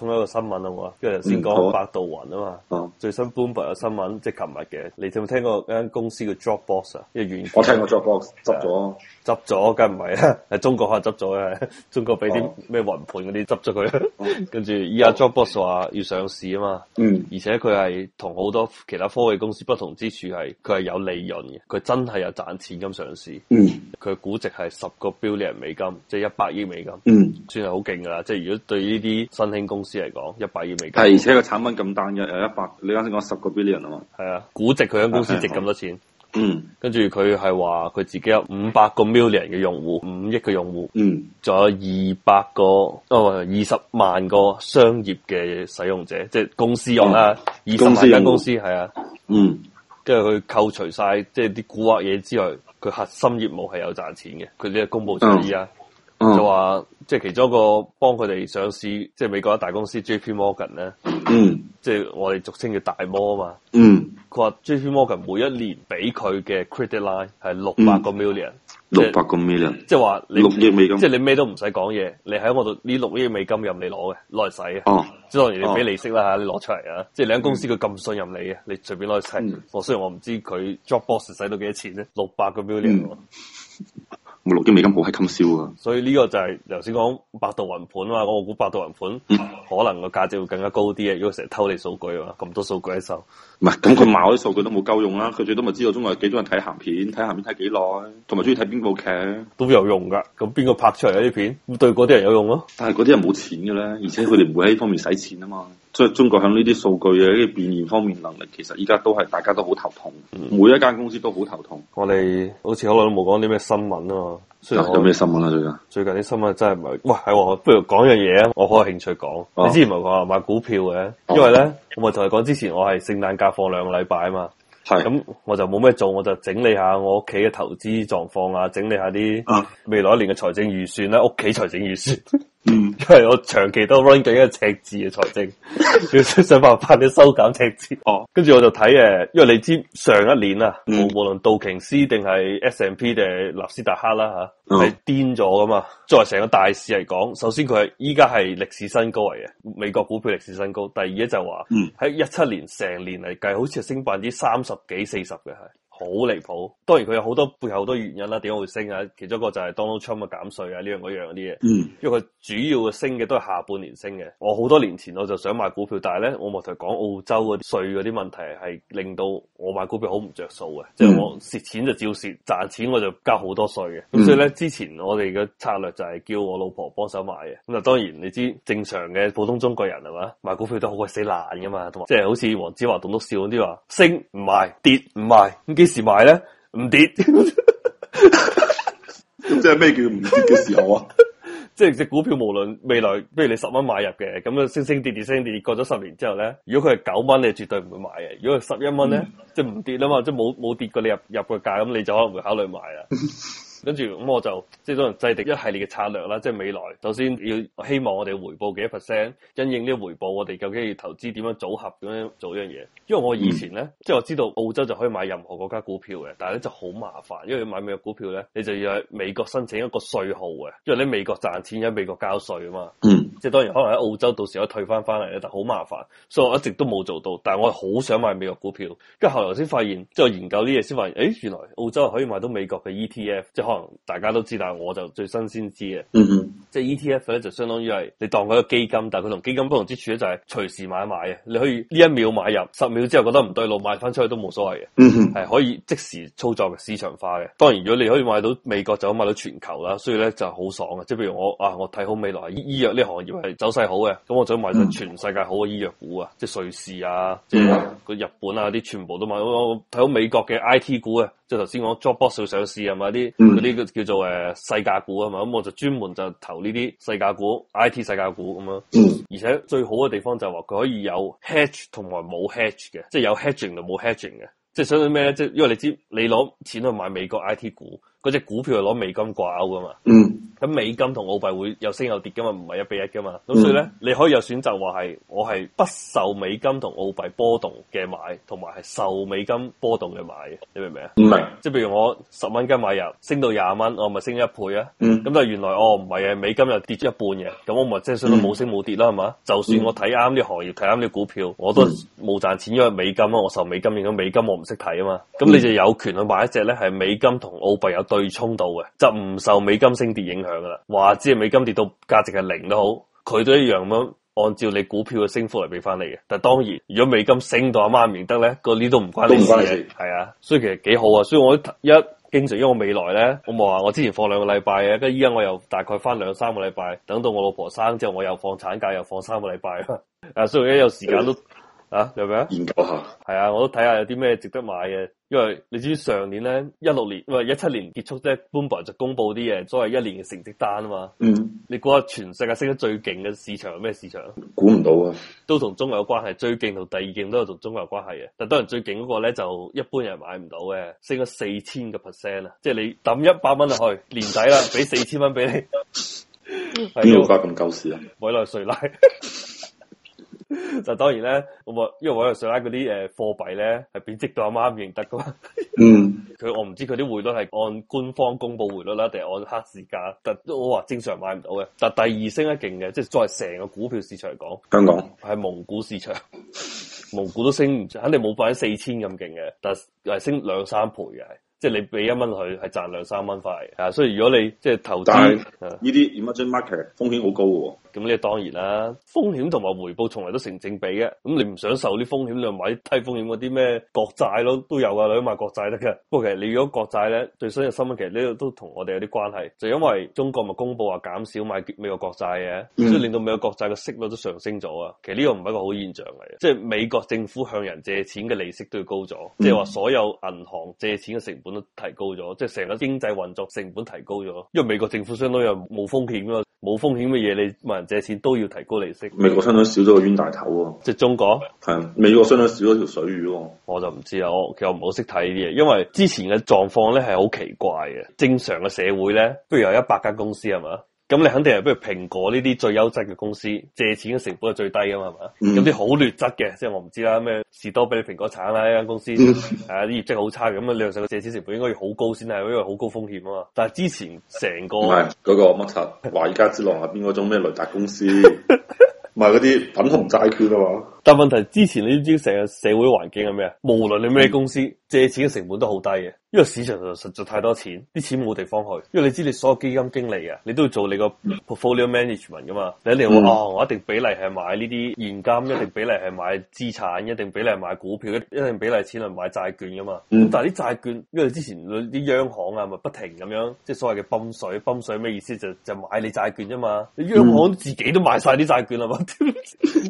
仲有一個新聞啊嘛，跟住頭先講百度雲啊嘛，最新 Bloomberg 嘅新聞、啊、即係琴日嘅。你哋有冇聽過間公司叫 Dropbox 啊？因原我聽過 Dropbox 執咗，執咗梗唔係啊？喺 中國可能執咗嘅。中國俾啲咩雲盤嗰啲執咗佢。跟住依家 Dropbox 話要上市啊嘛。嗯，而且佢係同好多其他科技公司不同之處係，佢係有利潤嘅，佢真係有賺錢咁上市。佢、嗯、估值係十個 billion 美金，即係一百億美金。嗯，算係好勁噶啦。即係如果對呢啲新興公司，嚟講，一百億未夠。而且個產品咁單一，又一百，你啱先講十個 billion 啊嘛？係啊，估值佢間公司值咁多錢。嗯，跟住佢係話佢自己有五百個 million 嘅用戶，五億嘅用戶。嗯，仲有二百個，哦，二十萬個商業嘅使用者，即係公司用啦，二十、嗯、萬間公司係啊。嗯，跟住佢扣除晒即係啲古惑嘢之外，佢核心業務係有賺錢嘅，佢呢個公佈出嚟啊、嗯。就話即係其中一個幫佢哋上市，即係美國一大公司 J P Morgan 咧，即係我哋俗稱叫大摩啊嘛。佢話 J P Morgan 每一年俾佢嘅 credit line 係六百個 million，六百個 million，即係話你六億美金，即係你咩都唔使講嘢，你喺我度呢六億美金任你攞嘅，攞嚟使嘅。即係當然你俾利息啦吓，你攞出嚟啊！即係你間公司佢咁信任你嘅，你隨便攞嚟使。我雖然我唔知佢 job boss 使到幾多錢咧，六百個 million。六億美金冇係咁少啊！所以呢個就係頭先講百度雲盤啊！我估百度雲盤、嗯、可能個價值會更加高啲啊！如果成日偷你數據啊，咁多數據喺手，唔係咁佢買嗰啲數據都冇夠用啦！佢最多咪知道中國有幾多人睇鹹片，睇鹹片睇幾耐，同埋中意睇邊部劇都有用噶。咁邊個拍出嚟啲片，咁對嗰啲人有用咯？但係嗰啲人冇錢嘅咧，而且佢哋唔會喺呢方面使錢啊嘛。即係中國喺呢啲數據嘅呢啲變現方面能力，其實依家都係大家都好頭痛，嗯、每一間公司都好頭痛。我哋好似好耐都冇講啲咩新聞啊嘛。雖然有咩新聞啊？最近最近啲新聞真係唔係，喂，係不如講樣嘢啊！我好有興趣講。啊、你之前唔係話買股票嘅，因為咧、啊、我咪就係講之前我係聖誕假放兩個禮拜啊嘛。係是。咁我就冇咩做，我就整理下我屋企嘅投資狀況啊，整理下啲未來一年嘅財政預算啦，屋企財政預算。嗯，因為我長期都 run 緊一個赤字嘅財政，要 想想辦法去縮減赤字。哦，跟住我就睇誒，因為你知上一年啊，嗯、無論道瓊斯定係 S&P 定係納斯達克啦吓，係癲咗噶嘛。作為成個大市嚟講，首先佢依家係歷史新高嚟嘅，美國股票歷史新高。第二咧就話，喺一七年成年嚟計好，好似係升百分之三十幾四十嘅係。好離譜，當然佢有好多背後好多原因啦、啊，點解會升啊？其中一個就係 Donald Trump 嘅減稅啊，呢樣嗰樣嗰啲嘢。嗯，因為佢主要嘅升嘅都係下半年升嘅。我好多年前我就想買股票，但係咧我咪同佢講澳洲嗰稅嗰啲問題係令到我買股票好唔着數嘅，即係、嗯、我蝕錢就照蝕，賺錢我就交好多稅嘅。咁所以咧之前我哋嘅策略就係叫我老婆幫手買嘅。咁啊，當然你知正常嘅普通中國人係嘛買股票都好鬼死爛噶嘛，同埋即係好似黃子華棟篤笑嗰啲話，升唔賣，跌唔賣，時買咧唔跌，咁即係咩叫唔跌嘅時候啊？ 即係隻股票無論未來，譬如你十蚊買入嘅，咁樣升升跌跌升跌跌，過咗十年之後咧，如果佢係九蚊，你絕對唔會買嘅；如果係十一蚊咧，即係唔跌啊嘛，即係冇冇跌過你入入個價，咁你就可能會考慮買啦。 跟住咁我就即係可能制定一系列嘅策略啦，即係未來首先要希望我哋回報幾多 percent，因應呢個回報，我哋究竟要投資點樣組合，點樣做呢樣嘢？因為我以前咧，嗯、即係我知道澳洲就可以買任何國家股票嘅，但係咧就好麻煩，因為買美國股票咧，你就要喺美國申請一個稅號嘅，因為你美國賺錢喺美國交稅啊嘛。嗯即係當然可能喺澳洲到時候可以退翻翻嚟咧，就好麻煩，所以我一直都冇做到。但係我好想買美國股票，跟住後來先發現，即係研究啲嘢先發現，誒原來澳洲可以買到美國嘅 ETF，即係可能大家都知，但係我就最新先知嘅。嗯哼。即係 ETF 咧，就相當於係你當佢個基金，但係佢同基金不同之處咧，就係隨時買賣嘅，你可以呢一秒買入，十秒之後覺得唔對路，賣翻出去都冇所謂嘅，係 可以即時操作嘅市場化嘅。當然，如果你可以買到美國，就可以買到全球啦，所以咧就好爽嘅。即係譬如我啊，我睇好未來醫藥呢行業係走勢好嘅，咁我就買到全世界好嘅醫藥股啊， 即係瑞士啊，即係個日本啊，啲全部都買到。我睇好美國嘅 IT 股啊。即係頭先講 jobbox 要上市係嘛？啲嗰啲叫叫做誒細價股係嘛？咁我就專門就投呢啲細價股 I T 細價股咁樣，嗯、而且最好嘅地方就係話佢可以有 hedge 同埋冇 hedge 嘅，即係有 hedging 就冇 hedging 嘅，即係想講咩咧？即係因為你知你攞錢去買美國 I T 股。嗰隻股票係攞美金掛鈎噶嘛？咁、嗯、美金同澳幣會有升有跌噶嘛？唔係一比一噶嘛？咁所以咧，嗯、你可以有選擇話係我係不受美金同澳幣波動嘅買，同埋係受美金波動嘅買嘅。你明唔明啊？唔明、嗯。即係譬如我十蚊雞買入，升到廿蚊，我咪升一倍啊？咁但係原來我唔係啊，美金又跌咗一半嘅，咁我咪即係算到冇升冇跌啦，係嘛、嗯？就算我睇啱啲行業，睇啱啲股票，我都冇賺錢，因為美金啊，我受美金影響，美金我唔識睇啊嘛。咁你就有權去買一隻咧，係美金同澳幣有。對沖到嘅，就唔受美金升跌影響噶啦。話之係美金跌到價值係零都好，佢都一樣咁樣按照你股票嘅升幅嚟俾翻你嘅。但係當然，如果美金升到阿媽唔認得咧，嗰啲都唔關你事。係啊，的所以其實幾好啊。所以我一經常因為我未來咧，我冇話我之前放兩個禮拜嘅，跟依家我又大概翻兩三個禮拜，等到我老婆生之後，我又放產假，又放三個禮拜啦。啊， 所以一有時間都。 啊，有咩研究下？係啊，我都睇下有啲咩值得買嘅，因為你知上年咧，一六年唔係一七年結束咧 Bloomberg 就公布啲嘢，所謂一年嘅成績單啊嘛。嗯。你估下全世界升得最勁嘅市場係咩市場？估唔到啊！都同中國有關係，最勁同第二勁都係同中國有關係嘅。但當然最勁嗰個咧，就一般人買唔到嘅，升咗四千個 percent 啊！即係你抌一百蚊落去，年底啦，俾四千蚊俾你。邊度發咁鳩屎啊？委內瑞拉。 就當然咧，咁啊，因為我又想拉嗰啲誒貨幣咧係貶值到阿媽唔認得噶嘛。嗯， 佢我唔知佢啲匯率係按官方公布匯率啦，定係按黑市價？但都我話正常買唔到嘅。但第二升得勁嘅，即係作為成個股票市場嚟講，香港係蒙古市場，蒙古都升唔，肯定冇百分之四千咁勁嘅。但係升兩三倍嘅，即係、就是、你俾一蚊佢係賺兩三蚊塊。啊，所以如果你即係、就是、投資，但呢啲 emerging m a r k e t 風險好高 咁呢當然啦，風險同埋回報從來都成正比嘅。咁你唔想受啲風險，你咪買低風險嗰啲咩國債咯，都有噶，你買國債得嘅。不過其實你如果國債咧，最新嘅新聞其實呢個都同我哋有啲關係，就因為中國咪公布話減少買美國國債嘅，所以令到美國國債嘅息率都上升咗啊。其實呢個唔係一個好現象嚟嘅，即係美國政府向人借錢嘅利息都要高咗，即係話所有銀行借錢嘅成本都提高咗，即係成個經濟運作成本提高咗。因為美國政府相當於冇風險咯，冇風險嘅嘢你.借錢都要提高利息。美國相當少咗個冤大頭喎、啊，即係中國。係啊，美國相當少咗條水魚喎、啊。我就唔知啦，我其實我唔係好識睇呢啲嘢，因為之前嘅狀況咧係好奇怪嘅。正常嘅社會咧，不如有一百間公司係嘛。咁你肯定係，不如蘋果呢啲最優質嘅公司，借錢嘅成本係最低噶嘛，係嘛？咁啲好劣質嘅，即係我唔知啦，咩士多啤梨蘋果橙啦呢間公司，係啊啲業績好差嘅，咁你量上佢借錢成本應該要好高先係，因為好高風險啊嘛。但係之前成個嗰個乜柒華爾街之狼入邊個？那個、個種咩雷達公司，唔係嗰啲粉紅債券啊嘛。但問題，之前你知唔知成個社會環境係咩啊？無論你咩公司借錢嘅成本都好低嘅，因為市場上實在太多錢，啲錢冇地方去。因為你知你所有基金經理啊，你都要做你個 portfolio management 噶嘛，你一定話、嗯、哦，我一定比例係買呢啲現金，一定比例係買資產，一定比例係買股票，一定比例錢去買債券噶嘛。嗯、但係啲債券因為之前啲央行啊咪不停咁樣，即係所謂嘅泵水，泵水咩意思？就就買你債券啫嘛。你央行自己都買晒啲債券啦嘛，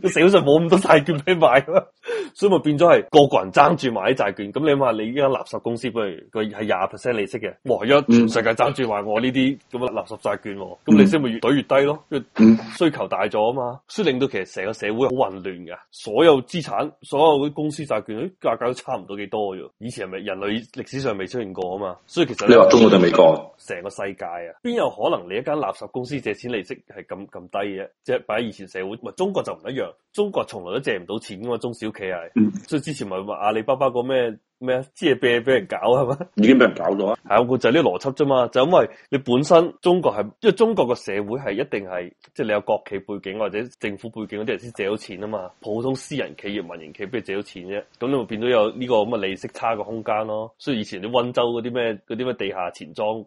你社會、嗯、 上冇咁多債券。俾買咯， 所以咪變咗係個個人爭住買啲債券。咁你話你依間垃圾公司不如佢係廿 percent 利息嘅，哇！一全世界爭住買我呢啲咁嘅垃圾債券，咁你先咪越懟越低咯。嗯、需求大咗啊嘛，所以令到其實成個社會好混亂嘅。所有資產、所有啲公司債券啲價格都差唔到幾多嘅。以前係咪人類歷史上未出現過啊嘛？所以其實你話中國定美國，成個世界啊，邊有可能你一間垃圾公司借錢利息係咁咁低嘅？即係擺喺以前社會，咪中國就唔一,一樣。中國從來都借唔到錢，噶嘛，中小企係，即係、嗯、之前咪話阿里巴巴個咩？咩啊？即係俾人俾人搞係嘛？已經俾人搞咗啊！係，我估就係啲邏輯啫嘛，就是、因為你本身中國係，因為中國個社會係一定係，即、就、係、是、你有國企背景或者政府背景嗰啲人先借到錢啊嘛。普通私人企業、民營企業邊借到錢啫？咁你咪變咗有呢個咁嘅利息差嘅空間咯。所以以前啲溫州嗰啲咩嗰啲咩地下錢莊，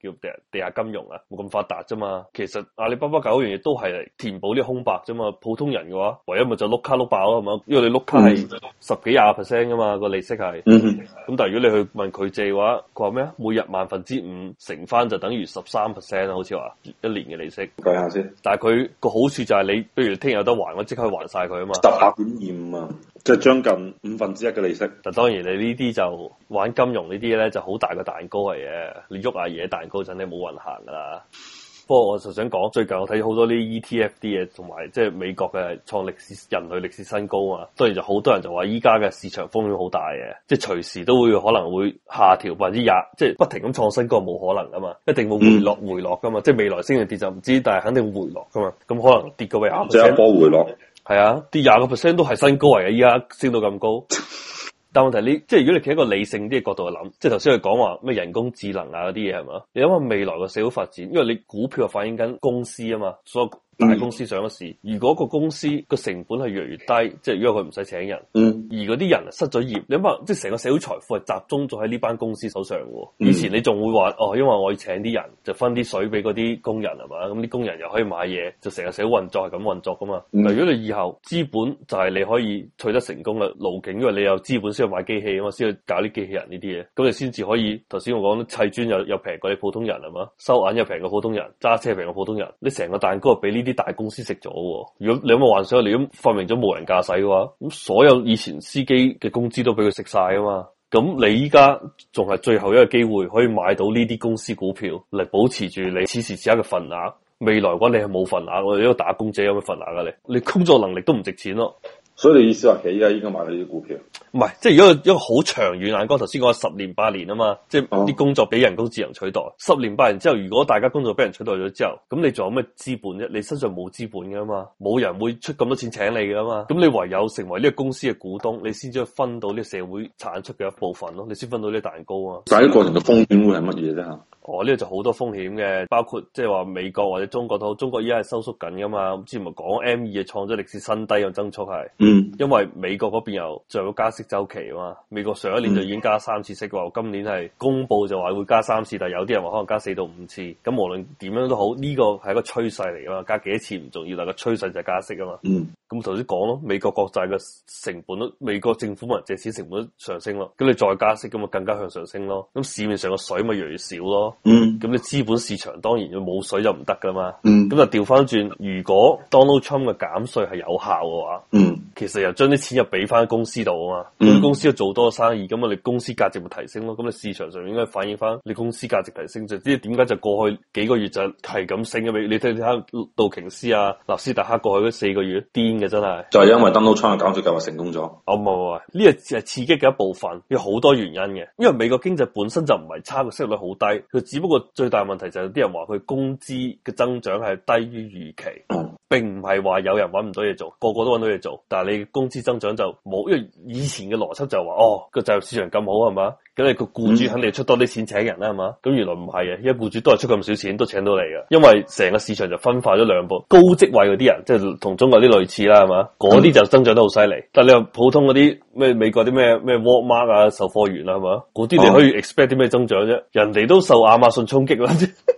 叫地地下金融啊，冇咁發達啫嘛。其實阿里巴巴搞嗰樣嘢都係嚟填補啲空白啫嘛。普通人嘅話，唯一咪就碌卡碌爆咯，係嘛？因為你碌卡係十幾廿 percent 噶嘛，個利息係。嗯，咁、mm hmm. 但係如果你去問佢借嘅話，佢話咩啊？每日萬分之五乘翻就等於十三 percent 好似話一年嘅利息。計下先，但係佢個好處就係你，不如聽日有得還，我即刻還晒佢啊嘛。十八點二五啊，即係將近五分之一嘅利息。但，當然你呢啲就玩金融呢啲咧，就好大個蛋糕嚟嘅。你喐下嘢蛋糕陣，你冇運行噶啦。不過我就想講，最近我睇好多啲 ETF 啲嘢，同埋即係美國嘅創歷史人類歷史新高啊！當然就好多人就話依家嘅市場風險好大嘅，即係隨時都會可能會下調百分之廿，即係不停咁創新高冇可能噶嘛，一定會回落，嗯、回落噶嘛，即係未來升定跌就唔知，但係肯定會回落噶嘛，咁可能跌個位廿，即波回落，係啊，跌廿個 percent 都係新高嚟嘅，依家升到咁高。 但問題你即係如果你企喺一個理性啲嘅角度去諗，即係頭先佢講話咩人工智能啊嗰啲嘢係嘛？你諗下未來嘅社會發展，因為你股票係反映緊公司啊嘛，所以。大公司上咗市，如果個公司個成本係越嚟越低，即係如果佢唔使請人，嗯、而嗰啲人失咗業，你諗下，即係成個社會財富係集中咗喺呢班公司手上嘅。以前你仲會話哦，因為我要請啲人，就分啲水俾嗰啲工人係嘛，咁啲工人又可以買嘢，就成個社會運作係咁運作㗎嘛。嗯、但如果你以後資本就係你可以取得成功嘅路徑，因為你有資本先去買機器啊嘛，先去搞啲機器人呢啲嘢，咁你先至可以頭先我講砌磚又又平過啲普通人係嘛，收銀又平過普通人，揸車平過普通人，你成個蛋糕俾呢，啲大公司食咗，如果你有冇幻想，你咁發明咗無人駕駛嘅話，咁所有以前司機嘅工資都俾佢食晒啊嘛，咁你依家仲係最後一個機會可以買到呢啲公司股票，嚟保持住你此時此刻嘅份額，未來嘅話你係冇份額，我哋呢個打工者有咩份額噶、啊，你你工作能力都唔值錢咯。所以你意思話，其實依家應該買呢啲股票。唔係，即係如果一個好長遠眼光，頭先講十年八年啊嘛，即係啲工作俾人工智能取代。十年八年之後，如果大家工作俾人取代咗之後，咁你仲有咩資本啫？你身上冇資本噶嘛，冇人會出咁多錢請你噶嘛。咁你唯有成為呢個公司嘅股東，你先至分到呢個社會產出嘅一部分咯。你先分到呢啲蛋糕啊！但係呢個過程嘅風險會係乜嘢啫？呢個、哦、就好多風險嘅，包括即係話美國或者中國都好，中國而家係收縮緊噶嘛，之前咪講 M 二嘅創咗歷史新低嘅增速係，嗯，因為美國嗰邊又再有個加息週期啊嘛，美國上一年就已經加三次息，話今年係公布就話會加三次，但係有啲人話可能加四到五次，咁無論點樣都好，呢個係一個趨勢嚟噶嘛，加幾多次唔重要，但係個趨勢就係加息啊嘛，嗯，咁頭先講咯，美國國債嘅成本都，美國政府物借錢成本上升咯，咁你再加息咁咪更加向上升咯，咁市面上嘅水咪越嚟越少咯。嗯，咁你資本市場當然要冇水就唔得噶啦嘛，嗯，咁就調翻轉，如果 Donald Trump 嘅減稅係有效嘅話，嗯。其實又將啲錢又俾翻公司度啊嘛，咁、嗯、公司要做多生意，咁啊你公司價值咪提升咯？咁你市場上應該反映翻你公司價值提升，就即係點解就過去幾個月就係咁升嘅？你你睇下道瓊斯啊、納斯達克過去嗰四個月癲嘅真係，就係因為 Donald Trump 搞咗計劃成功咗。哦唔唔呢個係刺激嘅一部分，有好多原因嘅。因為美國經濟本身就唔係差，佢息，息率好低，佢只不過最大問題就係、是、啲人話佢工資嘅增長係低於預期， 並唔係話有人搵唔到嘢做，個個都搵到嘢做，但係。你工資增長就冇，因為以前嘅邏輯就話哦，個就業市場咁好係嘛，咁你個僱主肯定出多啲錢請人啦係嘛，咁原來唔係啊，因為僱主都係出咁少錢都請到你嘅，因為成個市場就分化咗兩波，高職位嗰啲人即係同中國啲類似啦係嘛，嗰啲就增長得好犀利，但係你話普通嗰啲咩美國啲咩咩沃爾瑪啊售貨員啦係嘛，嗰啲你可以 expect 啲咩增長啫？人哋都受亞馬遜沖擊啦。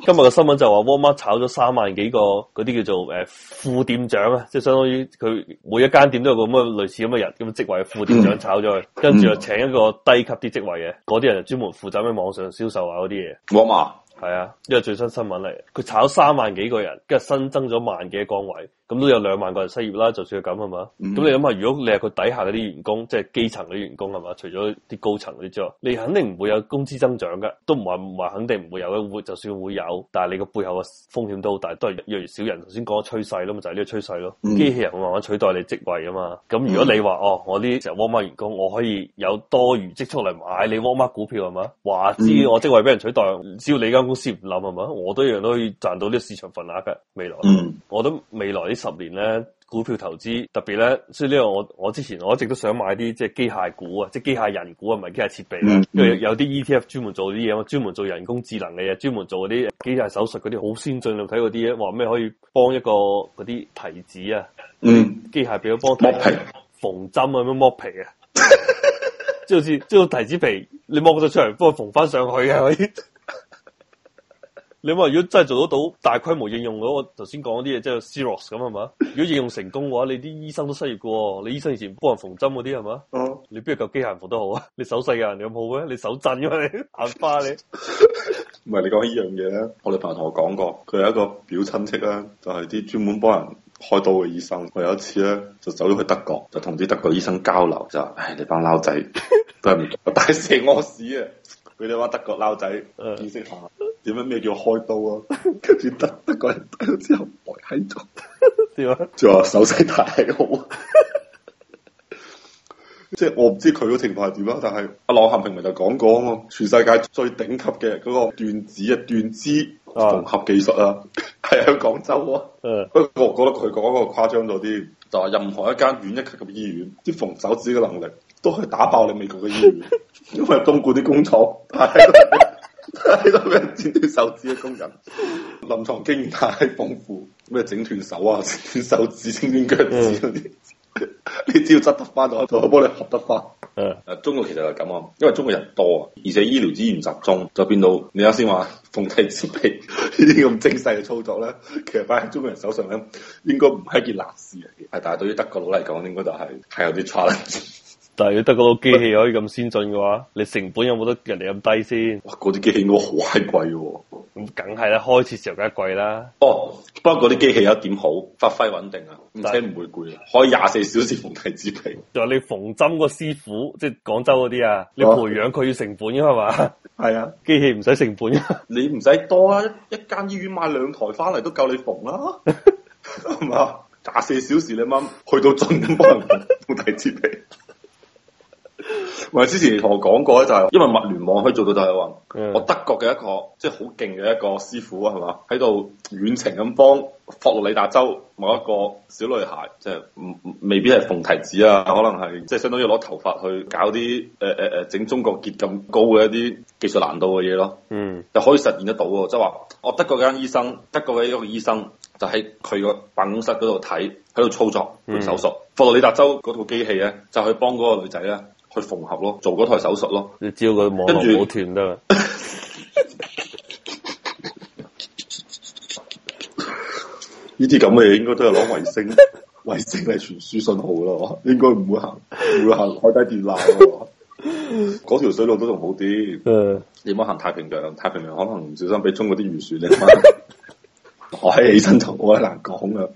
今日嘅新聞就話沃爾瑪炒咗三萬幾個嗰啲叫做誒副店長啊，即係相當於佢每一間店都有個咁嘅類似咁嘅人咁嘅職位，副店長炒咗佢，嗯、跟住又請一個低級啲職位嘅，嗰啲人就專門負責咩網上銷售啊嗰啲嘢。沃爾瑪係啊，因為最新新聞嚟，佢炒三萬幾個人，跟住新增咗萬幾個崗位。咁都有兩萬個人失業啦，就算係咁係嘛？咁、嗯、你諗下，如果你係佢底下嗰啲員工，嗯、即係基層嗰啲員工係嘛？除咗啲高層嗰啲之外，你肯定唔會有工資增長嘅，都唔話唔話，肯定唔會有嘅。會就算會有，但係你個背後嘅風險都好大，都係越嚟越少人。頭先講嘅趨勢啦嘛，就係、是、呢個趨勢咯。嗯、機器人會慢慢取代你職位啊嘛。咁如果你話、嗯、哦，我啲就 Walmart 員工，我可以有多餘積蓄嚟買你 Walmart 股票係嘛？話知、嗯、我職位俾人取代，只要你間公司唔冧係嘛，我都一樣都可以賺到呢個市場份額嘅未來。嗯、我都未來十年咧，股票投資特別咧，所以呢個我我之前我一直都想買啲即係機械股啊，即係機械人股啊，唔係機械設備、啊，mm hmm. 因為有啲 ETF 專門做啲嘢，專門做人工智能嘅嘢，專門做嗰啲機械手術嗰啲好先進，睇嗰啲嘢話咩可以幫一個嗰啲提子啊，嗯、mm，機、hmm. 械俾佢幫剝皮縫針啊，咁樣剝皮啊，即係好似即係個提子皮你剝咗出嚟幫縫翻上去嘅可以。 你話如果真係做得到大規模應用嘅話，我頭先講嗰啲嘢即係 cross 咁係嘛？如果應用成功嘅話，你啲醫生都失業嘅。你醫生以前幫人縫針嗰啲係嘛？嗯、你不如夠機械人縫得好啊！你手勢嘅你有冇咧？你手震啊，你眼花你。唔係 你講呢樣嘢，我哋朋友同我講過，佢有一個表親戚咧，就係啲專門幫人開刀嘅醫生。佢有一次咧就走咗去德國，就同啲德國醫生交流，就話唉，你班撈仔都係大蛇屙屎啊！佢哋話德國撈仔見識下。 點樣咩叫開刀啊？跟住得得個人之後呆喺度，點啊？就話手勢太好， 即係我唔知佢個情況係點啊，但係阿郎咸平咪就講過啊，嘛，全世界最頂級嘅嗰個斷指啊斷肢縫合技術啊，係喺廣州啊。不過 我覺得佢講嗰個誇張咗啲，就話、是、任何一間院一級嘅醫院，啲縫手指嘅能力都可以打爆你美國嘅醫院， 因為東莞啲工廠。 喺度俾人剪斷手指嘅工人，臨 床經驗太豐富，咩整斷手啊、剪斷手指、剪斷腳趾嗰啲，mm. 你只要執得翻咗，我幫你合得翻。嗯，誒，中國其實係咁啊，因為中國人多啊，而且醫療資源集中，就變到你啱先話鳳低之皮呢啲咁精細嘅操作咧，其實擺喺中國人手上咧，應該唔係一件難事嚟嘅。係，但係對於德國佬嚟講，應該就係、係、係有啲差啦。但係如果得嗰個機器可以咁先進嘅話，但你成本有冇得人哋咁低先？嗰啲機器應該好閪貴喎。咁梗係啦，開始時候梗係貴啦。哦，不過嗰啲機器有一點好，發揮穩定啊，唔使唔會攰啊，是可以廿四小時縫皮子皮。就係你縫針個師傅，即係廣州嗰啲啊，你培養佢要成本、哦、吧啊，係嘛？係啊，機器唔使成本啊，你唔使多啊，一一間醫院買兩台翻嚟都夠你縫啦、啊。係嘛， 廿四小時你啱去到盡都幫人縫皮子皮。咪，之前同我講過咧，就係因為物聯網可以做到就係話，我德國嘅一個即係好勁嘅一個師傅啊，係嘛，喺度遠程咁幫佛羅里達州某一個小女孩，即係唔未必係縫提子啊，可能係即係相當於攞頭髮去搞啲誒誒誒整中國結咁高嘅一啲技術難度嘅嘢咯。嗯，就可以實現得到喎，即係話我德國間醫生，德國嘅一個醫生就喺佢個辦公室嗰度睇，喺度操作做手術。嗯、佛羅里達州嗰套機器咧，就去幫嗰個女仔咧。去縫合咯，做嗰台手術咯，你照佢網絡冇斷得？呢啲咁嘅嘢應該都係攞衛星， 衛星嚟傳輸信號啦，應該唔會行，唔 會行海底電纜。嗰 條水路都仲好啲， 你唔好行太平洋，太平洋可能唔小心俾中國啲漁船啊嘛！我喺 起身同我喺難講嘅。